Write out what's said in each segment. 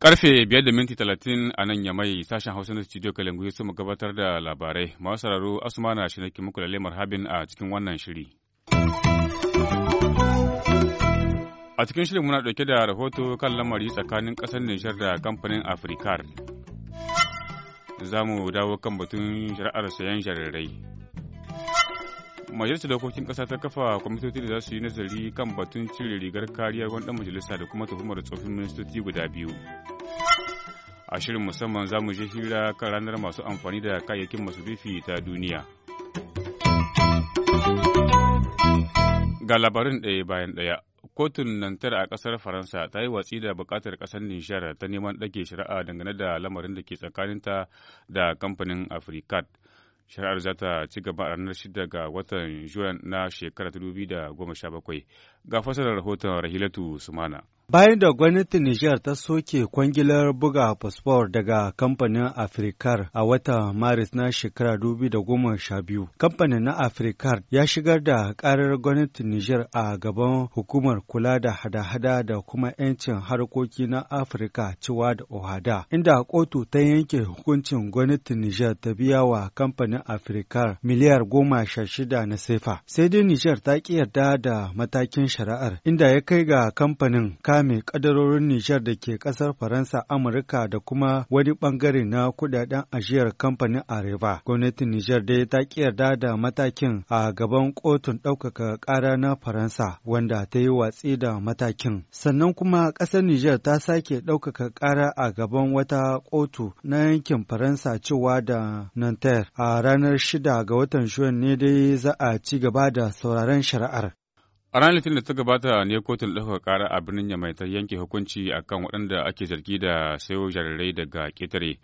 Karfe biyar da minti talatin a nan yamai sashen Hausa na studio Kalangu ya mu gabatar da labarai. Masu sauraro Asuma na shi nake muku lalle marhabin a cikin wannan shiri. A cikin shirin muna ɗauke da rahoto kan lamari tsakanin ƙasar Nijar da kamfanin Afrikar. za mu dawo kan batun shari'ar sayan jarirai. Majalisar dokokin ƙasa ta kafa kwamitoci da za su yi nazari kan batun cire rigar kariya wani ɗan majalisa da kuma tuhumar tsofin ministoci guda biyu. A shirin musamman za mu je hira kan ranar masu amfani da kayayyakin masu masurufi ta duniya. Ga labarin ɗaya bayan ɗaya. Kotun Nantar a ƙasar Faransa ta yi watsi da bukatar ƙasar Nijar ta neman ɗage shari'a dangane da lamarin da ke tsakaninta da kamfanin afirikat Shari'ar za ta ci gaba a ranar shida ga watan Juyan na shekarar 2017. Ga fasalar rahoton Rahilatu Sumana. Bayan da gwamnatin Nijar ta soke kwangilar buga fasfor daga kamfanin Afirkar a watan Maris na shekara biyu, kamfanin na Afrikar ya shigar da karar gwamnatin Nijar a gaban hukumar kula da hada-hada da kuma 'yancin harkoki na Afirka cewa da Ohada, inda kotu ta yanke hukuncin gwamnatin Nijar ta biya wa kamfanin Afrikar miliyar goma sha shida na sefa. Sai dai Nijar ta ƙi yarda da matakin shari'ar inda ya kai ga kamfanin kame kadarorin Nijar da ke ƙasar Faransa, Amurka da kuma wani ɓangare na kudaden ajiyar kamfanin Areva. Gwamnatin Nijar dai ta ki yarda da matakin a gaban kotun ɗaukaka ƙara na Faransa wanda ta yi watsi da matakin. Sannan kuma ƙasar Nijar ta sake ɗaukaka ƙara a gaban wata kotu na yankin Faransa cewa da nanter a ranar shida ga watan Juin ne dai za a ci gaba da sauraron shari'ar. A ranar Litinin da ta gabata ne kotun ɗaukaka ƙara a birnin yamaita ta yanke hukunci akan waɗanda ake zargi da sayo jarirai daga ƙetare.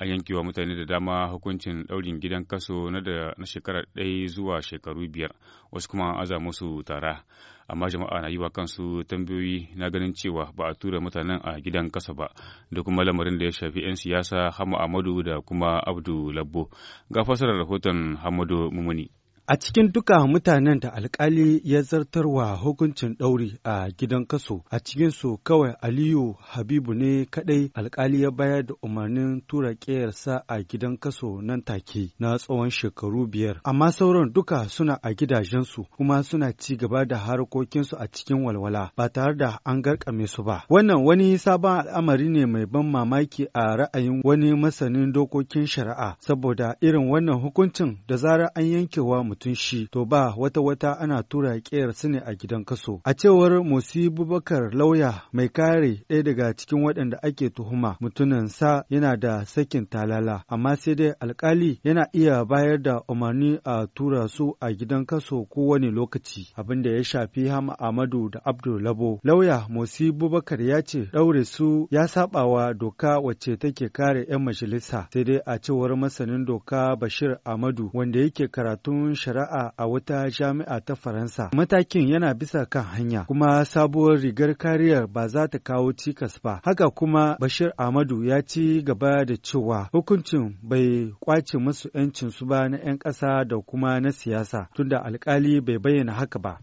An yankewa mutane da dama hukuncin ɗaurin gidan kaso na da na shekara ɗaya zuwa shekaru biyar, wasu kuma aza musu tara. Amma jama'a na yi wa kansu tambayoyi na ganin cewa ba a tura mutanen a gidan kasa ba, da kuma lamarin da ya shafi 'yan siyasa Hama Amadu da kuma Abdu Labbo. Ga fasarar rahoton Hamadu Mumuni. A cikin duka mutanen da alkali ya zartarwa hukuncin ɗauri a gidan kaso, a cikinsu kawai Aliyu Habibu ne kaɗai alkali ya bayar da umarnin tura ƙeyarsa a gidan kaso nan take na tsawon shekaru biyar. Amma sauran duka suna a gidajensu kuma suna ci gaba da harkokinsu a cikin walwala ba tare da an garkame su ba. Wannan wani sabon al'amari ne mai ban mamaki a ra'ayin wani masanin dokokin shari'a saboda irin wannan hukuncin da zarar an yankewa mutum. Tun shi to ba wata wata ana tura ƙiyar su ne a gidan kaso. A cewar Musi Bubakar lauya mai kare ɗaya daga cikin waɗanda ake tuhuma mutumin sa yana da sakin talala amma sai dai alkali yana iya bayar da umarni a tura su a gidan kaso kowane lokaci abin da ya shafi Ham Amadu da Abdul Labo. Lauya Musi Bubakar ya ce ɗaure su ya saɓawa doka wacce take kare 'yan majalisa sai dai a cewar masanin doka Bashir Amadu wanda yake karatun shari'a a wata jami'a ta Faransa. Matakin yana bisa kan hanya kuma sabuwar rigar kariyar ba za ta kawo cikas ba. Haka kuma Bashir Ahmadu ya ci gaba da cewa hukuncin bai kwace musu su ba na 'yan ƙasa da kuma na siyasa tunda alkali bai bayyana haka ba.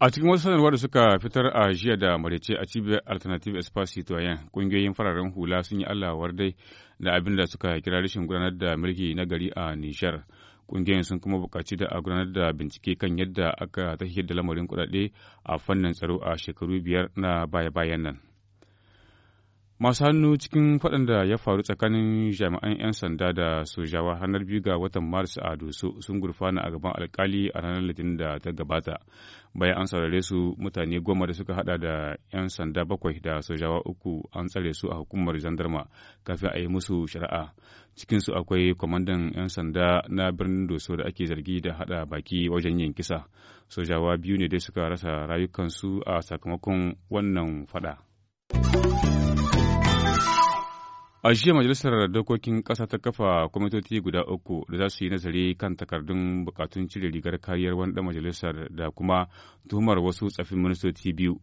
A cikin wasu sanarwa da suka fitar a jiya da marece a cibiyar Alternative Espace Citoyen, ƙungiyoyin fararen hula sun yi Allah dai da abinda suka kira rashin gudanar da mulki na gari a Nijar. kungiyar sun kuma bukaci da a gudanar da bincike kan yadda aka tafiyar da lamarin kudade a fannin tsaro a shekaru biyar na baya-bayan nan. masu hannu cikin faɗan da ya faru tsakanin jami'an 'yan sanda da sojawa ranar biyu ga watan maris a doso sun gurfana a gaban alkali a ranar litinin da ta gabata bayan an saurare su mutane goma da suka hada da 'yan sanda bakwai da sojawa uku an tsare su a hukumar zandarma kafin a yi musu shari'a cikin su akwai kwamandan 'yan sanda na birnin doso da ake zargi da hada baki wajen yin kisa sojawa biyu ne dai suka rasa rayukansu a sakamakon wannan fada. A jiya Majalisar Dokokin Ƙasa ta kafa kwamitoci guda uku da za su yi nazari kan takardun bukatun cire rigar kariyar wani ɗan majalisar da kuma tuhumar wasu tsafin ministoci biyu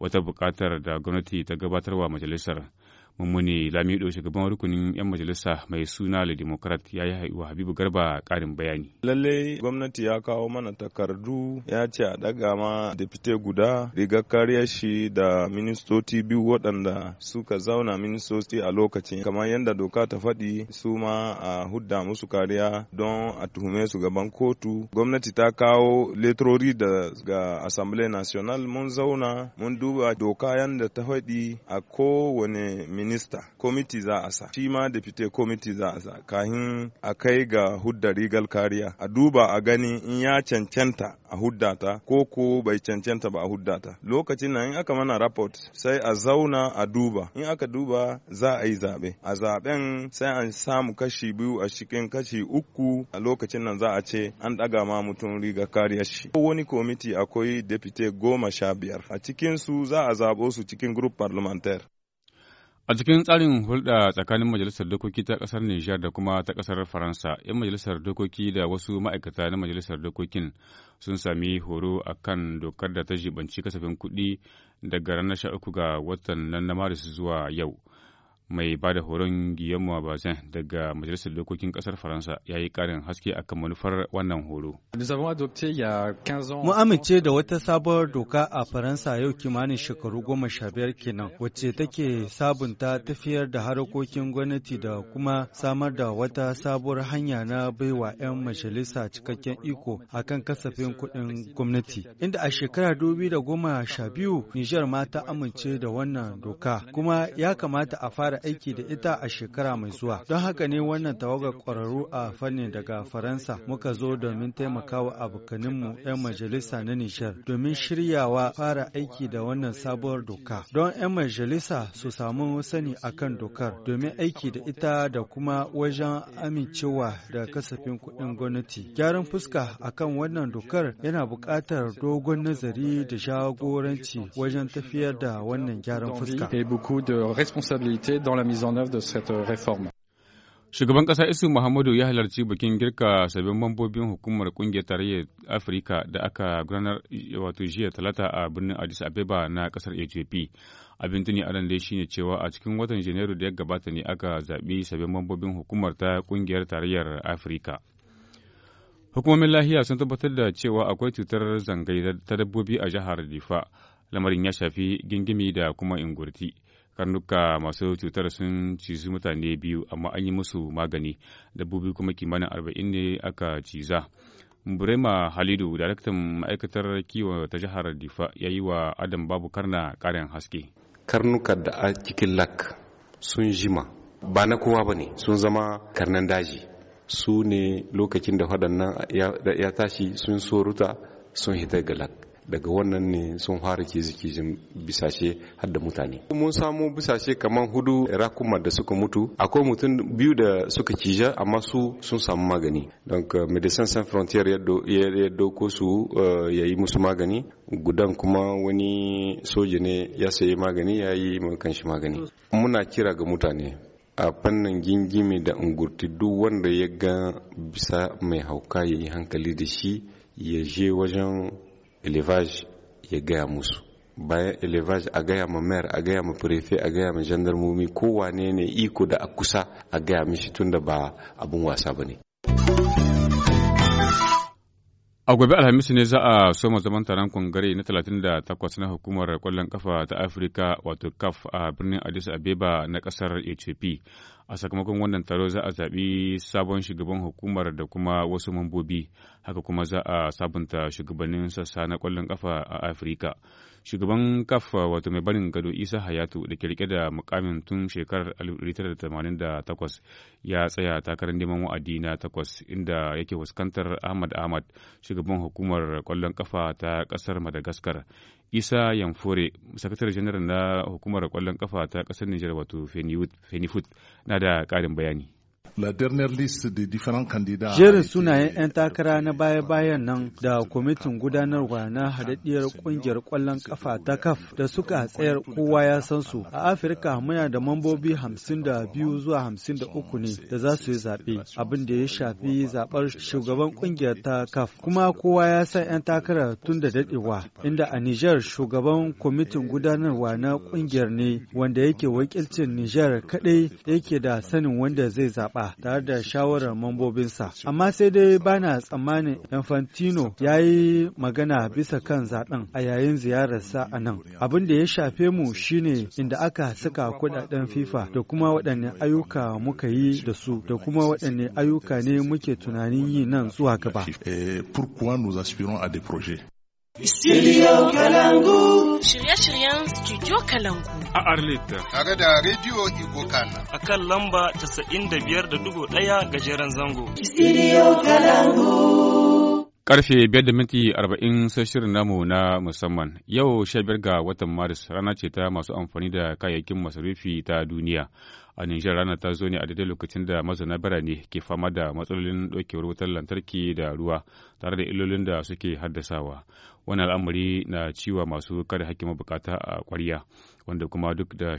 wata bukatar da gwamnati ta gabatarwa majalisar. mummuni lamido shugaban rukunin 'yan majalisa mai suna le democrat ya yi haihuwa habibu garba karin bayani lallai gwamnati ya kawo mana takardu ya ce a daga ma depute guda rigar kariyar shi da ministoci biyu waɗanda suka zauna ministoci a lokacin kamar yadda doka ta faɗi su ma a hudda musu kariya don a tuhume su gaban kotu gwamnati ta kawo letrori da ga assemblée nationale mun zauna mun duba doka yadda ta faɗi a kowane minista komiti za a sa shi ma deputy komiti za a sa kahin a kai ga hudda rigal kariya a duba a gani in ya cancanta a huddata ko ko bai cancanta ba a huddata lokacin nan in aka mana rapport sai a zauna a duba in aka duba za a yi zaɓe a zaɓen sai an samu kashi biyu a cikin kashi uku a lokacin nan za a ce an ɗaga ma mutum riga kariyar shi ko wani komiti akwai deputy goma sha biyar a cikin su za a zaɓo su cikin group parliamentaire A cikin tsarin hulɗa tsakanin Majalisar Dokoki ta ƙasar Nijar da kuma ta ƙasar Faransa, 'yan Majalisar Dokoki da wasu ma'aikata na Majalisar Dokokin sun sami horo a kan dokar da ta jibanci kasafin kuɗi daga ranar 13 ga watan nan na Maris zuwa yau. mai ba da horon guillaume Bazin daga Majalisar Dokokin Kasar Faransa ya yi karin haske akan manufar wannan horo. Mu amince da wata sabuwar doka a Faransa yau kimanin shekaru goma sha biyar kenan wacce take sabunta tafiyar da harkokin gwamnati da kuma samar da wata sabuwar hanya na baiwa 'yan majalisa cikakken iko akan kasafin kuɗin gwamnati. Inda a shekara dubi da goma sha biyu Nijar ma ta amince da wannan doka kuma ya kamata a fara aiki da ita a shekara mai zuwa. Don haka ne wannan tawagar ƙwararru a fanni daga Faransa muka zo domin taimakawa abokaninmu 'yan majalisa na Nijar domin shiryawa fara aiki da wannan sabuwar doka. Don 'yan majalisa su samu sani akan dokar domin aiki da ita da kuma wajen amincewa da kasafin kuɗin gwamnati. Gyaran fuska akan wannan dokar yana buƙatar dogon nazari da jagoranci wajen tafiyar da wannan gyaran fuska. dans la mise en œuvre de cette euh, réforme. Shugaban ƙasa Isu Muhammadu ya halarci bikin girka sabbin mambobin hukumar ƙungiyar tarayyar Afirka da aka gudanar wato jiya talata a birnin Addis ababa na ƙasar Ethiopia. Abin tuni a ran dai shine cewa a cikin watan Janairu da ya gabata ne aka zaɓi sabbin mambobin hukumar ta kungiyar tarayyar Afirka. Hukumomin lahiya sun tabbatar da cewa akwai cutar zangai ta dabbobi a jihar Difa. Lamarin ya shafi gingimi da kuma ingurti. karnuka masu cutar sun cizi mutane biyu amma an yi musu magani dabbobi kuma kimanin arba'in ne aka ciza burema halidu daraktan ma'aikatar kiwo ta jihar difa ya yi wa adam babu karna karin haske Karnuka da a cikin lak sun jima ba na kowa ba ne sun zama karnan daji su ne lokacin da waɗannan ya tashi sun soruta sun hita ga lak daga wannan ne sun fara kizikizin bisashe har da mutane mun samu bisashe kamar hudu rakuma da suka mutu akwai mutum biyu da suka kija amma su sun samu magani don euh, medecin sans frontier ya doko su euh, ya yi musu magani gudan kuma wani soja ne ya sayi magani ya yi kanshi magani muna kira ga mutane a fannin gingimi da ungurti duk wanda ya ga bisa mai hauka ya yi hankali da shi ya je wajen elevage ya gaya musu bayan elevage a gaya ma mayar a gaya ma prefe a gaya ma jandarmomi kowane ne iko da a kusa a gaya mishi tunda ba abun wasa ba ne A gobe Alhamis ne za a soma zaman taron kongare na 38 na hukumar kwallon kafa ta Afirka wato CAF a birnin Addis Abeba na kasar HP. A sakamakon wannan taro za a zaɓi sabon shugaban hukumar da kuma wasu mambobi, haka kuma za a sabunta shugabannin sassa na kwallon kafa a Afirka. shugaban kafa wato mai barin gado isa hayatu da ke rike da mukamin tun shekarar 1988 ya tsaya takarar neman wa'adi na takwas inda yake fuskantar ahmad ahmad shugaban hukumar kwallon kafa ta kasar madagascar isa yamfore sakatare janar na hukumar kwallon kafa ta kasar nijar wato fenifut na da karin bayani Jerin sunayen 'yan takara na baya-bayan nan da kwamitin gudanarwa na hadaddiyar ƙungiyar ƙwallon ƙafa ta kaf da suka tsayar kowa ya san su. A Afirka muna da mambobi hamsin zuwa hamsin ne da za su yi zaɓe abin da ya shafi zaɓar shugaban ƙungiyar ta kaf Kuma kowa ya san 'yan takara tun da daɗewa inda a Nijar shugaban kwamitin gudanarwa na ƙungiyar ne wanda yake wakilcin Nijar kaɗai yake da sanin wanda zai zaɓa. tare da shawarar mambobinsa. Amma sai dai bana tsammanin Infantino ya yi magana bisa kan zaɓen a yayin ziyararsa a nan. Abin da ya shafe mu shine inda aka saka kuɗaɗen FIFA da kuma waɗanne ayyuka muka yi da su da kuma waɗanne ayyuka ne muke tunanin yi nan zuwa gaba. Studio Kalangu. Shirye-shiryen Studio Kalangu. A Arlita. Tare da Radio Igokana. A kan lamba 95.1 gajeren zango. Studio Kalangu. Karfe 5:40 sai shirin namu na musamman. Yau 15 ga watan Maris rana ce ta masu amfani da kayayyakin masarufi ta duniya. a Nijar ranar ta zo ne a daidai lokacin da mazauna birane ke fama da matsalolin ɗaukewar wutar lantarki da ruwa tare da illolin da suke haddasawa. Wani al'amari na ciwa masu kare hakkin bukata a ƙwarya wanda kuma duk da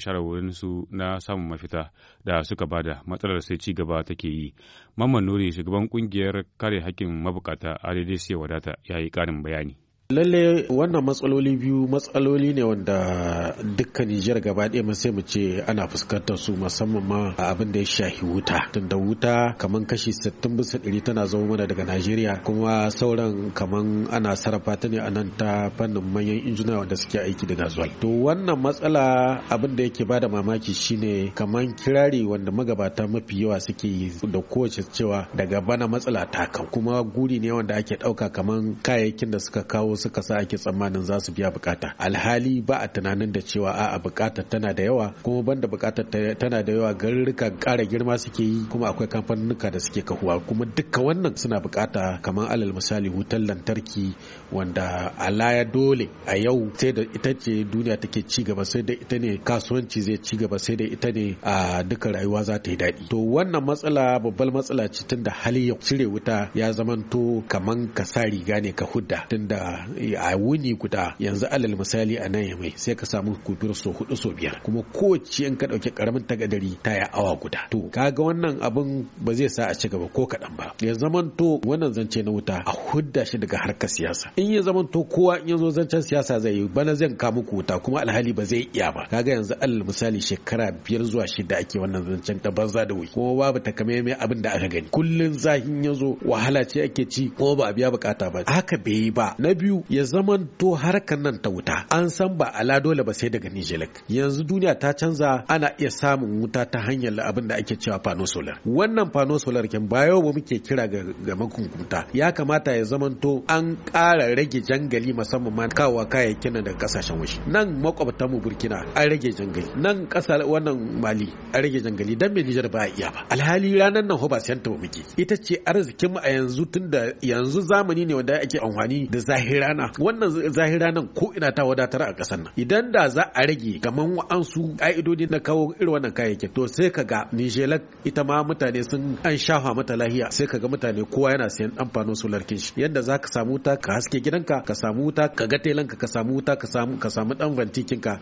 su na samun mafita da suka bada matsalar sai ci gaba take yi. Mamman Nuri shugaban kungiyar kare hakkin mabukata a daidai sai wadata ya yi ƙarin bayani. lalle wannan matsaloli biyu matsaloli ne wanda dukkan nijar gaba ɗaya sai mu ce ana fuskantar su musamman ma abin da ya shahi wuta tunda wuta kaman kashi 60 bisa ɗari tana zama mana daga najeriya kuma sauran kaman ana sarrafa ta ne a nan ta fannin manyan injina wanda suke aiki da gazuwal to wannan matsala abin da yake bada mamaki shine kaman kirari wanda magabata mafi yawa suke yi da kowace cewa daga bana matsala ta kan kuma guri ne wanda ake ɗauka kaman kayayyakin da suka kawo wasu kasa ake tsammanin za su biya bukata alhali ba a tunanin da cewa a bukatar tana da yawa kuma banda bukatar tana da yawa garuruka kara girma suke yi kuma akwai kamfanunuka da suke kahuwa kuma duka wannan suna bukata kamar alal misali wutar lantarki wanda alaya dole a yau sai da ita ce duniya take ci gaba sai da ita ne kasuwanci zai ci gaba sai da ita ne a duka rayuwa za ta yi daɗi to wannan matsala babbar matsala ce tunda hali ya cire wuta ya zamanto kaman ka sa riga ne ka hudda tunda Eh, a wuni guda yanzu alal misali a nan mai sai ka samu kutur so hudu so biyar kuma kowace in ka dauki karamin tagadari ta ya awa guda to kaga wannan abin ba zai sa a ci gaba ko kaɗan ba ya zamanto wannan zance na wuta a hudda shi daga harkar siyasa in ya zamanto kowa in ya zancen siyasa zai yi bana zan kamu wuta kuma alhali ba zai iya ba kaga yanzu alal misali shekara biyar zuwa shida ake wannan zancen ta banza da wuri kuma babu takamaimai abin da aka gani kullun zahin ya wahala ce ake ci kuma ba a biya bukata ba haka bai yi ba na biyu biyu ya zaman to harkar nan ta wuta an san ba ala dole ba sai daga Nijelek yanzu duniya ta canza ana iya samun wuta ta hanyar abin da ake cewa fano solar wannan fano solar kin bayo ba muke kira ga makunkunta ya kamata ya zaman to an ƙara rage jangali musamman ma kawo kayayyakin nan daga kasashen waje nan makwabtan mu Burkina an rage jangali nan ƙasa wannan Mali an rage jangali dan me Nijar ba iya ba alhali ranar nan hoba ba ta ba muke ita ce arzikin mu a yanzu tunda yanzu zamani ne wanda ake amfani da zahira rana wannan zahir ranan ko ina ta wadatar a ƙasar nan idan da za a rage kaman wa'ansu ƙa'idodi na kawo irin wannan kayayyakin to sai ka ga nijelak ita ma mutane sun an shafa mata lahiya sai ka ga mutane kowa yana sayan amfanin solar kinshi yadda za ka samu wuta ka haske gidanka ka samu wuta ka ga telanka ka samu wuta ka samu ka samu dan vantikin ka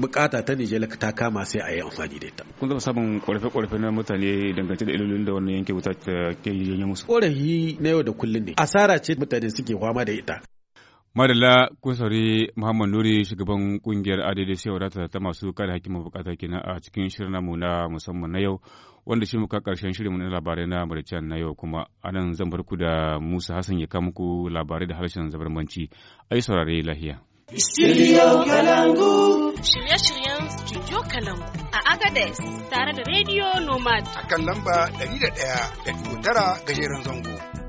bukata ta nijelak ta kama sai a yi amfani da ita kun zama samun ƙorafe-ƙorafe na mutane dangance da ilolin da wannan yanke wuta ke yi musu ƙorafi na yau da kullum ne asara ce mutane suke fama da ita Madalla kun saurari Muhammad Nuri shugaban kungiyar ADD sai wadata ta masu kada hakkin mabukata kenan a cikin shirin mu na musamman na yau wanda shi muka karshen shirin na labarai na mauritania na yau kuma anan zan bar ku da Musa Hassan ya kawo muku labarai da harshen zabarmanci ai saurare lahiya. Studio Kalangu. Shirye-shiryen Studio Kalangu a Agadez tare da Radio Nomad. A kan lamba 101.9 gajeren zango.